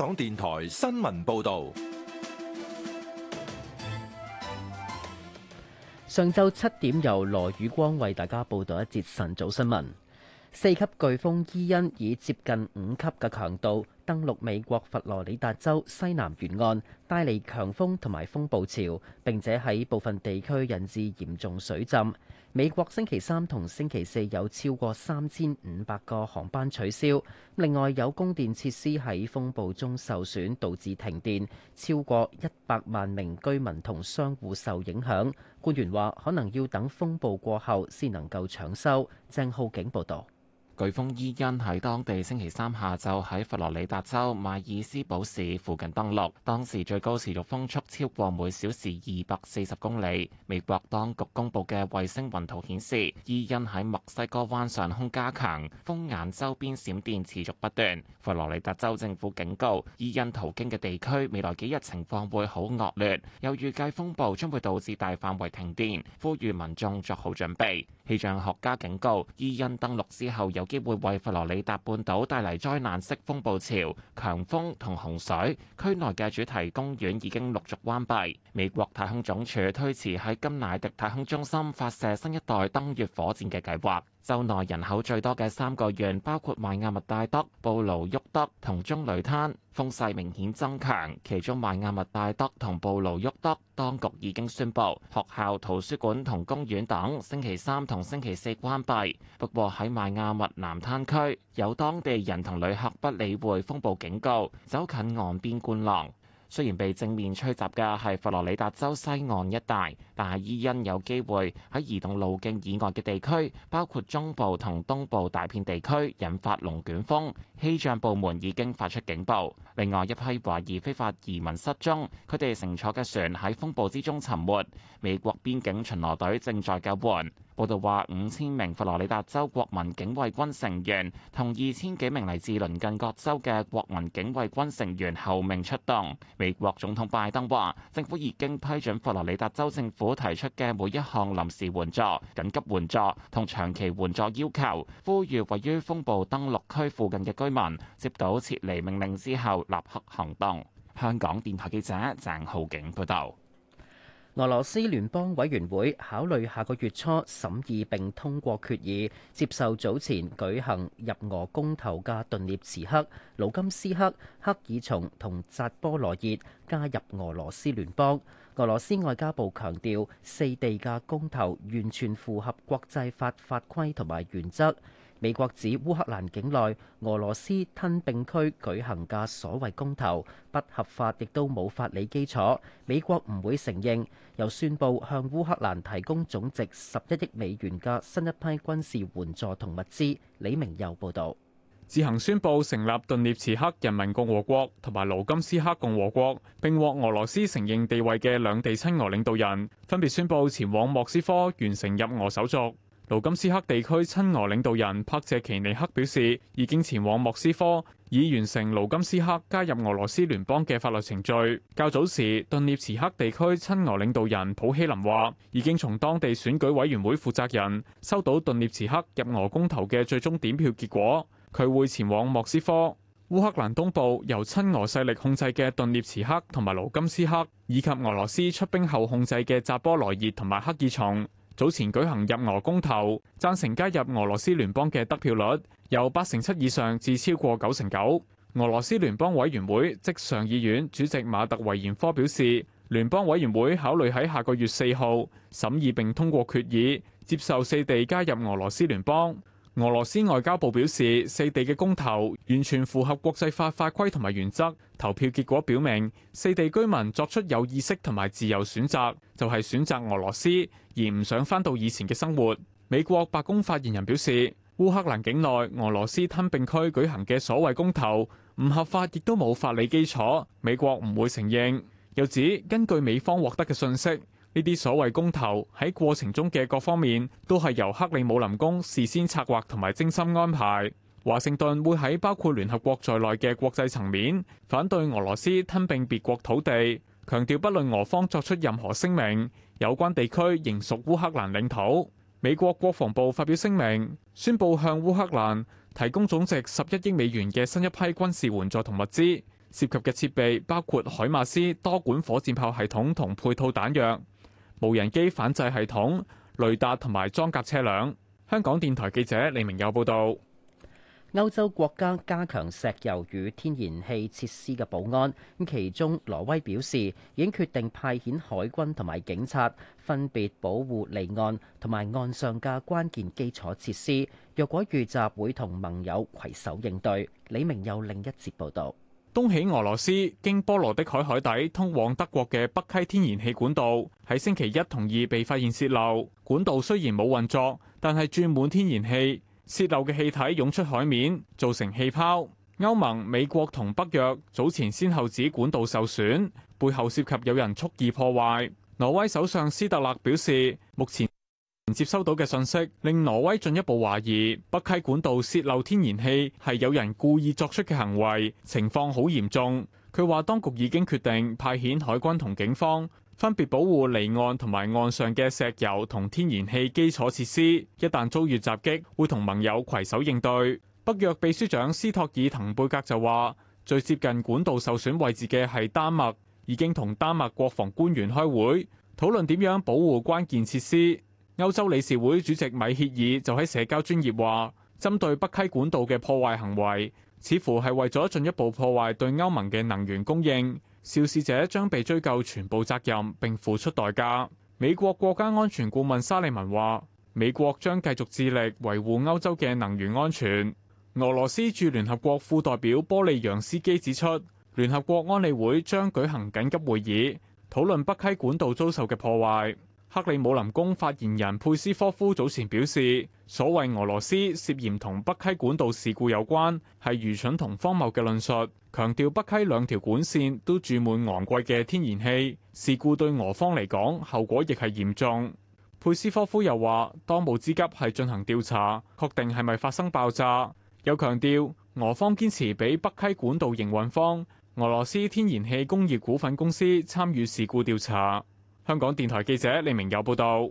港電台新聞報道，上晝七點由羅宇光為大家報道一節晨早新聞。四級颶風伊恩以接近五級嘅強度。登陸美國佛羅里達州西南沿岸，帶嚟強風同埋風暴潮，並且喺部分地區引致嚴重水浸。美國星期三同星期四有超過三千五百個航班取消，另外有供電設施喺風暴中受損，導致停電，超過一百萬名居民同商戶受影響。官員話可能要等風暴過後先能夠搶修。鄭浩景報道。颶風伊恩喺當地星期三下晝喺佛羅里達州邁爾斯堡市附近登陸，當時最高持續風速超過每小時二百四十公里。美國當局公布嘅衛星雲圖顯示，伊恩喺墨西哥灣上空加強，風眼周邊閃電持續不斷。佛羅里達州政府警告，伊恩途經嘅地區未來幾日情況會好惡劣，又預計風暴將會導致大範圍停電，呼籲民眾作好準備。氣象學家警告，伊恩登陸之後有機會為佛羅里達半島帶嚟災難式風暴潮、強風同洪水。區內嘅主題公園已經陸續關閉。美國太空總署推遲喺甘迺迪太空中心發射新一代登月火箭嘅計劃。州內人口最多嘅三個縣包括邁亞密戴德、布盧沃德同棕櫚灘，風勢明顯增強。其中邁亞密戴德同布盧沃德，當局已經宣布學校、圖書館同公園等星期三同星期四關閉。不過喺邁亞密南灘區，有當地人同旅客不理會風暴警告，走近岸邊觀浪。雖然被正面吹襲嘅係佛羅里達州西岸一帶，但係伊恩有機會喺移動路徑以外嘅地區，包括中部同東部大片地區引發龍捲風。氣象部門已經發出警報。另外一批懷疑非法移民失蹤，佢哋乘坐嘅船喺風暴之中沉沒，美國邊境巡邏隊正在救援。報道話，五千名佛羅里達州國民警衛軍成員同二千幾名嚟自鄰近各州嘅國民警衛軍成員候命出動。美國總統拜登話，政府已經批准佛羅里達州政府提出嘅每一項臨時援助、緊急援助同長期援助要求，呼籲位於風暴登陸區附近嘅居民接到撤離命令之後立刻行動。香港電台記者鄭浩景報道。俄羅斯聯邦委員會考慮下個月初審議並通過決議，接受早前舉行入俄公投嘅頓涅茨克、盧甘斯克、克爾松同扎波羅熱加入俄羅斯聯邦。俄羅斯外交部強調，四地嘅公投完全符合國際法、法規同埋原則。美國指烏克蘭境內俄羅斯吞併區舉行嘅所謂公投不合法，亦都冇法理基礎。美國唔會承認，又宣佈向烏克蘭提供總值十一億美元嘅新一批軍事援助同物資。李明又報導，自行宣布成立頓涅茨克人民共和國同埋盧甘斯克共和國，並獲俄羅斯承認地位嘅兩地親俄領導人，分別宣布前往莫斯科完成入俄手續。盧金斯克地區親俄領導人帕謝奇尼克表示，已經前往莫斯科，已完成盧金斯克加入俄羅斯聯邦嘅法律程序。較早時，頓涅茨克地區親俄領導人普希林話，已經從當地選舉委員會負責人收到頓涅茨克入俄公投嘅最終點票結果，佢會前往莫斯科。烏克蘭東部由親俄勢力控制嘅頓涅茨克同埋盧金斯克，以及俄羅斯出兵後控制嘅扎波羅熱同埋克爾松，早前舉行入俄公投，贊成加入俄羅斯聯邦嘅得票率由八成七以上至超過九成九。俄羅斯聯邦委員會即上議院主席馬特維延科表示，聯邦委員會考慮喺下個月四號審議並通過決議，接受四地加入俄羅斯聯邦。俄羅斯外交部表示，四地嘅公投完全符合國際法法規同埋原則，投票結果表明四地居民作出有意識同埋自由選擇，就係、是、選擇俄羅斯，而唔想返到以前嘅生活。美國白宮發言人表示，烏克蘭境內俄羅斯吞併區舉行嘅所謂公投唔合法，亦都冇法理基礎，美國唔會承認。又指根據美方獲得嘅信息。呢啲所謂公投喺過程中嘅各方面都係由克里姆林宮事先策劃同埋精心安排。華盛頓會喺包括聯合國在內嘅國際層面反對俄羅斯吞併別國土地，強調不論俄方作出任何聲明，有關地區仍屬烏克蘭領土。美國國防部發表聲明，宣布向烏克蘭提供總值十一億美元嘅新一批軍事援助同物資，涉及嘅設備包括海馬斯多管火箭炮系統同配套彈藥。無人機反制系統、雷達同埋裝甲車輛。香港電台記者李明友報道。歐洲國家加強石油與天然氣設施嘅保安。其中，挪威表示已經決定派遣海軍同埋警察，分別保護離岸同埋岸上嘅關鍵基礎設施。若果遇襲，會同盟友攜手應對。李明友另一節報道。東起俄羅斯經波羅的海海底通往德國嘅北溪天然氣管道喺星期一同二被發現泄漏，管道雖然冇運作，但係注滿天然氣，泄漏嘅氣體湧出海面，造成氣泡。歐盟、美國同北約早前先後指管道受損，背後涉及有人蓄意破壞。挪威首相斯特勒表示，目前，接收到嘅信息令挪威進一步懷疑北溪管道泄漏天然氣係有人故意作出嘅行為，情況好嚴重。佢話當局已經決定派遣海軍同警方分別保護離岸同埋岸上嘅石油同天然氣基礎設施。一旦遭遇襲擊，會同盟友攜手應對。北約秘書長斯托爾滕貝格就話，最接近管道受損位置嘅係丹麥，已經同丹麥國防官員開會討論點樣保護關鍵設施。歐洲理事會主席米歇爾就喺社交專業話，針對北溪管道嘅破壞行為，似乎係為咗進一步破壞對歐盟嘅能源供應，肇事者將被追究全部責任並付出代價。美國國家安全顧問沙利文話，美國將繼續致力維護歐洲嘅能源安全。俄羅斯駐聯合國副代表波利揚斯基指出，聯合國安理會將舉行緊急會議，討論北溪管道遭受嘅破壞。克里姆林宮發言人佩斯科夫早前表示，所謂俄羅斯涉嫌同北溪管道事故有關，係愚蠢同荒謬嘅論述。強調北溪兩條管綫都注滿昂貴嘅天然氣，事故對俄方嚟講後果亦係嚴重。佩斯科夫又話，當務之急係進行調查，確定係咪發生爆炸。又強調俄方堅持俾北溪管道營運方俄羅斯天然氣工業股份公司參與事故調查。香港電台記者李明友報道。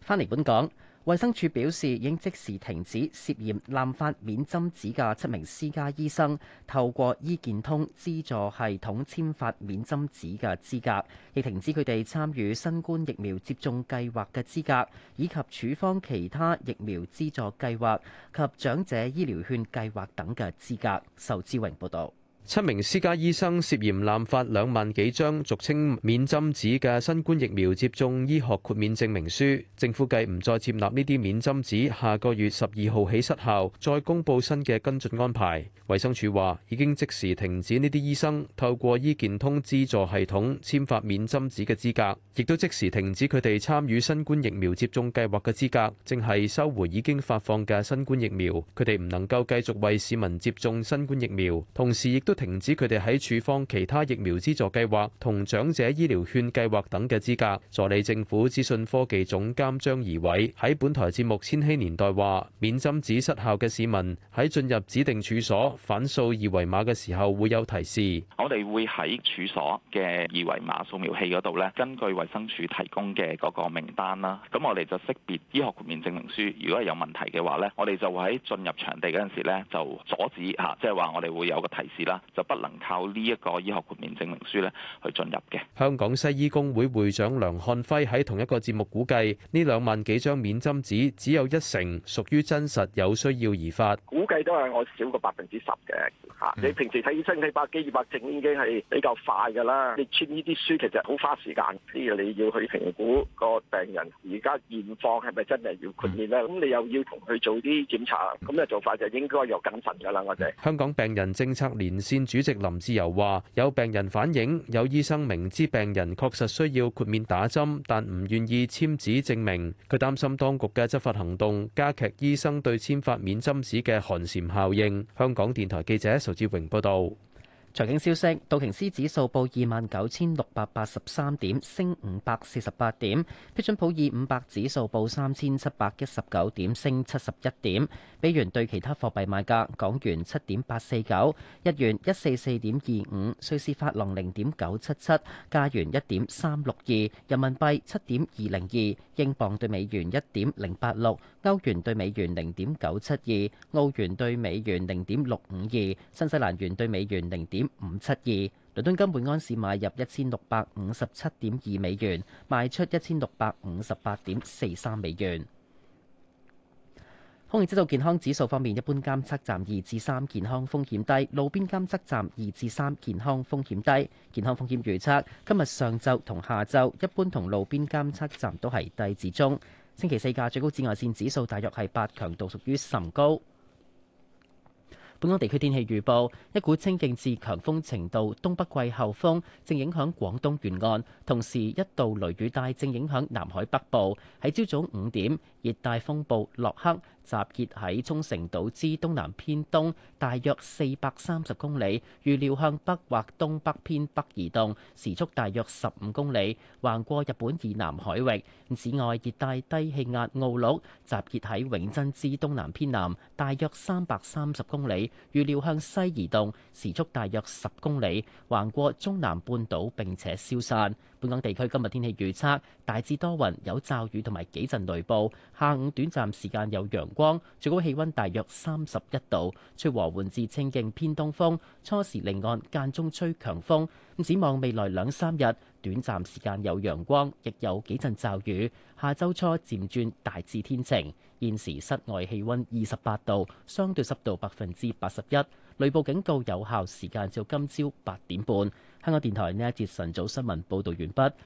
返嚟本港，衛生署表示已經即時停止涉嫌濫發免針紙嘅七名私家醫生透過醫健通資助系統簽發免針紙嘅資格，亦停止佢哋參與新冠疫苗接種計劃嘅資格，以及處方其他疫苗資助計劃及長者醫療券計劃等嘅資格。仇志榮報道。七名私家醫生涉嫌濫發兩萬幾張俗稱免針紙嘅新冠疫苗接種醫學豁免證明書，政府計唔再接納呢啲免針紙，下個月十二號起失效，再公布新嘅跟進安排。衛生署話已經即時停止呢啲醫生透過醫健通資助系統簽發免針紙嘅資格，亦都即時停止佢哋參與新冠疫苗接種計劃嘅資格，正係收回已經發放嘅新冠疫苗，佢哋唔能夠繼續為市民接種新冠疫苗，同時亦都。停止佢哋喺處方其他疫苗資助計劃同長者醫療券計劃等嘅資格。助理政府資訊科技總監張怡偉喺本台節目《千禧年代》話，免針紙失效嘅市民喺進入指定處所反掃二維碼嘅時候會有提示。我哋會喺處所嘅二維碼掃描器嗰度咧，根據衛生署提供嘅嗰個名單啦，咁我哋就識別醫學豁免證明書。如果係有問題嘅話咧，我哋就會喺進入場地嗰陣時咧就阻止吓，即係話我哋會有個提示啦。就不能靠呢一個醫學豁免證明書咧去進入嘅。香港西醫工會會長梁漢輝喺同一個節目估計，呢兩萬幾張免針紙只有一成屬於真實有需要而發，估計都係我少過百分之十嘅。吓。你平時睇醫生睇百幾二百症已經係比較快噶啦。你簽呢啲書其實好花時間，譬如你要去評估個病人而家現況係咪真係要豁免咧？咁你又要同佢做啲檢查，咁嘅做法就應該要謹慎噶啦。我哋香港病人政策連線。主席林志游話，有病人反映，有醫生明知病人確實需要豁免打針，但唔願意簽紙證明。佢擔心當局嘅執法行動加劇醫生對簽發免針紙嘅寒蟬效應。香港電台記者仇志榮報道。財經消息：道瓊斯指數報二萬九千六百八十三點，升五百四十八點；標準普爾五百指數報三千七百一十九點，升七十一點。美元對其他貨幣賣價：港元七點八四九，日元一四四點二五，瑞士法郎零點九七七，加元一點三六二，人民幣七點二零二，英鎊對美元一點零八六，歐元對美元零點九七二，澳元對美元零點六五二，新西蘭元對美元零點。五七二，倫敦金每安士買入一千六百五十七點二美元，賣出一千六百五十八點四三美元。空氣質素健康指數方面，一般監測站二至三，健康風險低；路邊監測站二至三，健康風險低。健康風險預測今日上晝同下晝，一般同路邊監測站都係低至中。星期四嘅最高紫外線指數大約係八，強度屬於甚高。本港地區天氣預報：一股清勁至強風程度東北季候風正影響廣東沿岸，同時一道雷雨帶正影響南海北部。喺朝早五點，熱帶風暴洛克，集結喺沖繩島之東南偏東，大約四百三十公里，預料向北或東北偏北移動，時速大約十五公里，橫過日本以南海域。此外，熱帶低氣壓奧鹿集結喺永珍之東南偏南，大約三百三十公里，預料向西移動，時速大約十公里，橫過中南半島並且消散。本港地區今日天氣預測，大致多雲，有驟雨同埋幾陣雷暴。下午短暫時間有陽光，最高氣温大約三十一度，吹和緩至清勁偏東風，初時離岸間中吹強風。咁展望未來兩三日，短暫時間有陽光，亦有幾陣驟雨。下周初漸轉大致天晴。現時室外氣温二十八度，相對濕度百分之八十一，雷暴警告有效時間至今朝八點半。香港電台呢一節晨早新聞報道完畢。